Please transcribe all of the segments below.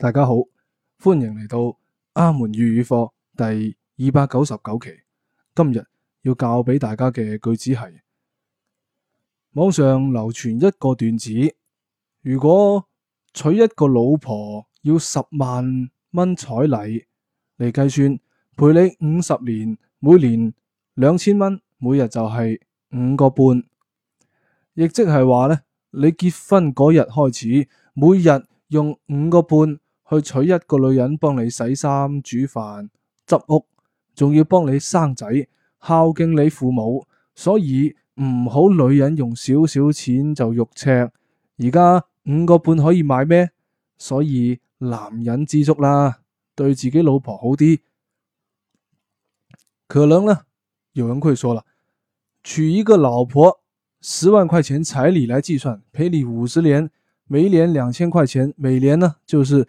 大家好，歡迎嚟到阿門粵語課第二百九十九期。今日要教俾大家嘅句子係：網上流傳一個段子，如果娶一個老婆要十萬蚊彩禮嚟計算，陪你五十年，每年兩千蚊，每日就係五個半，亦即係話咧，你結婚嗰日開始，每日用五個半。去娶一個女人幫你洗衫、煮飯、執屋，仲要幫你生仔、孝敬你父母，所以唔好女人用少少錢就肉赤。而家五個半可以買咩？所以男人知足啦，對自己老婆好啲。可能呢，有人會說了，娶一個老婆十萬塊錢彩禮來計算，陪你五十年，每年兩千塊錢，每年呢，就是。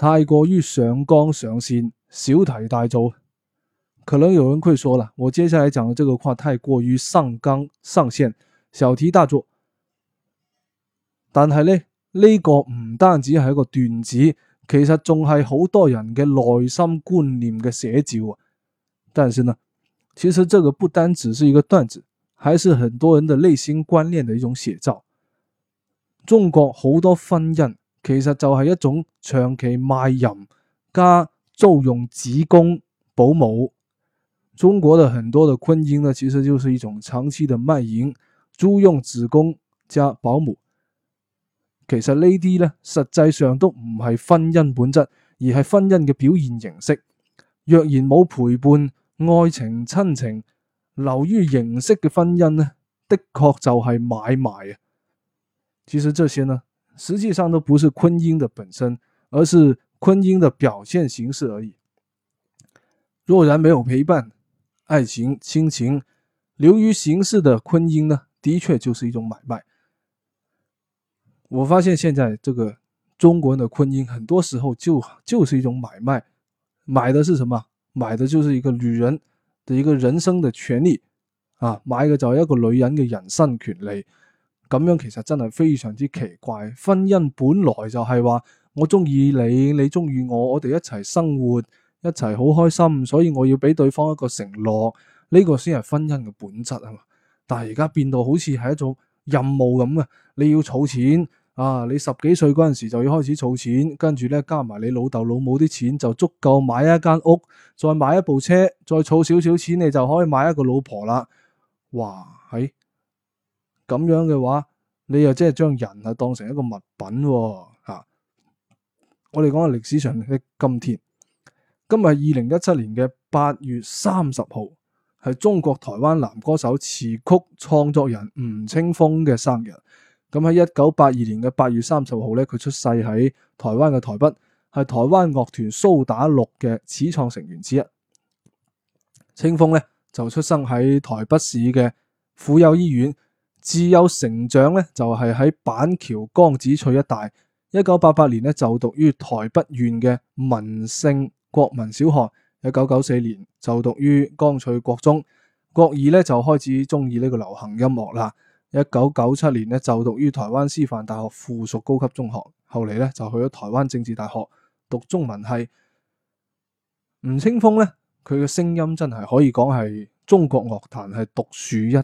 太過於上綱上線，小題大做，可能有人會說了，我接下來講的這個話太過於上綱上線，小題大做。但係呢，呢個唔單止係一個段子，其實仲係好多人嘅內心觀念嘅寫照。啊，但是呢，其實這個不單只是一個段子，還是很多人的內心觀念的一種寫照。中國好多婚姻。其實就係一種長期賣淫加租用子宮保姆。中國嘅很多嘅婚姻呢，其實就是一種長期嘅賣淫的的的，租用子宮加保姆。其實呢啲呢，實際上都唔係婚姻本質，而係婚姻嘅表現形式。若然冇陪伴、愛情、親情，流於形式嘅婚姻呢，的確就係買賣啊。其實這些呢，實際上都不是婚姻的本身，而是婚姻的表現形式而已。若然沒有陪伴、愛情、親情，流於形式的婚姻呢，的確就是一種買賣。我發現現在這個中國人的婚姻，很多時候就就是一種買賣，買的是什麼？買的就是一個女人的一個人生的權利，啊，買一個找一個女人嘅人身權利。咁樣其實真係非常之奇怪。婚姻本來就係話我中意你，你中意我，我哋一齊生活，一齊好開心。所以我要俾對方一個承諾，呢個先係婚姻嘅本質啊！但係而家變到好似係一種任務咁嘅，你要儲錢啊！你十幾歲嗰陣時就要開始儲錢，跟住咧加埋你老豆老母啲錢，就足夠買一間屋，再買一部車，再儲少少錢，你就可以買一個老婆啦！哇，係、哎。咁樣嘅話，你又即係將人係當成一個物品喎。啊啊、我哋講下歷史上嘅今天，今日二零一七年嘅八月三十號，係中國台灣男歌手、詞曲創作人吳青峰嘅生日。咁喺一九八二年嘅八月三十號咧，佢出世喺台灣嘅台北，係台灣樂團蘇打綠嘅始創成員之一。青峰咧就出生喺台北市嘅婦幼醫院。自幼成長咧，就係喺板橋江子翠一帶。一九八八年咧，就讀於台北縣嘅文勝國民小學。一九九四年就讀於江翠國中，國二咧就開始中意呢個流行音樂啦。一九九七年咧就讀於台灣師範大學附屬高級中學，後嚟咧就去咗台灣政治大學讀中文系。吳青峰咧，佢嘅聲音真係可以講係中國樂壇係獨樹一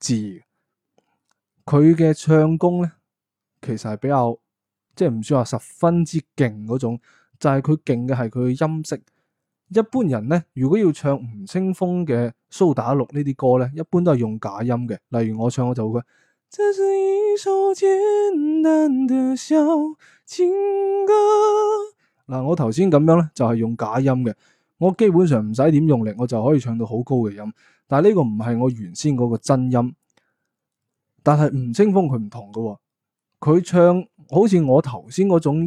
幟。佢嘅唱功咧，其實係比較即係唔算話十分之勁嗰種，就係、是、佢勁嘅係佢嘅音色。一般人咧，如果要唱吳青峰嘅《蘇打綠》呢啲歌咧，一般都係用假音嘅。例如我唱，我就會話：，這是一首簡單的小情歌。嗱、嗯，我頭先咁樣咧，就係、是、用假音嘅。我基本上唔使點用力，我就可以唱到好高嘅音。但係呢個唔係我原先嗰個真音。但係吳青峰佢唔同噶、哦，佢唱好似我頭先嗰種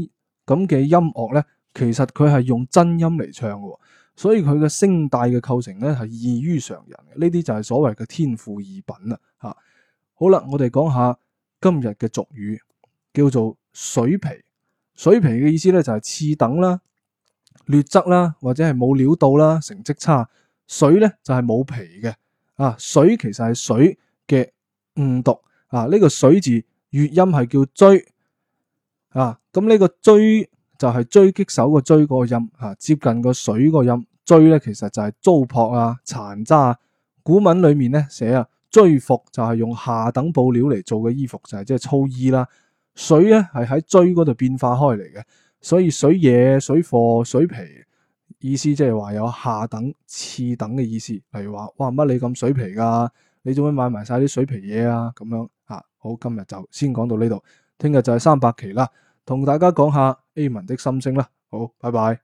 咁嘅音樂咧，其實佢係用真音嚟唱嘅、哦，所以佢嘅聲帶嘅構成咧係異於常人嘅。呢啲就係所謂嘅天賦異稟啦。吓、啊，好啦，我哋講下今日嘅俗語，叫做水皮。水皮嘅意思咧就係次等啦、劣質啦，或者係冇料到啦、成績差。水咧就係、是、冇皮嘅。啊，水其實係水嘅。誤讀啊！呢、這個水字粵音係叫追啊，咁、這、呢個追就係追擊手個追個音啊，接近個水個音。追咧其實就係糟粕啊、殘渣啊。古文裏面咧寫啊，追服就係用下等布料嚟做嘅衣服，就係即係粗衣啦。水咧係喺追嗰度變化開嚟嘅，所以水嘢、水貨、水皮意思即係話有下等、次等嘅意思。例如話，哇，乜你咁水皮噶？你做咩買埋晒啲水皮嘢啊？咁樣啊，好，今日就先講到呢度，聽日就係三百期啦，同大家講下阿門的心聲啦，好，拜拜。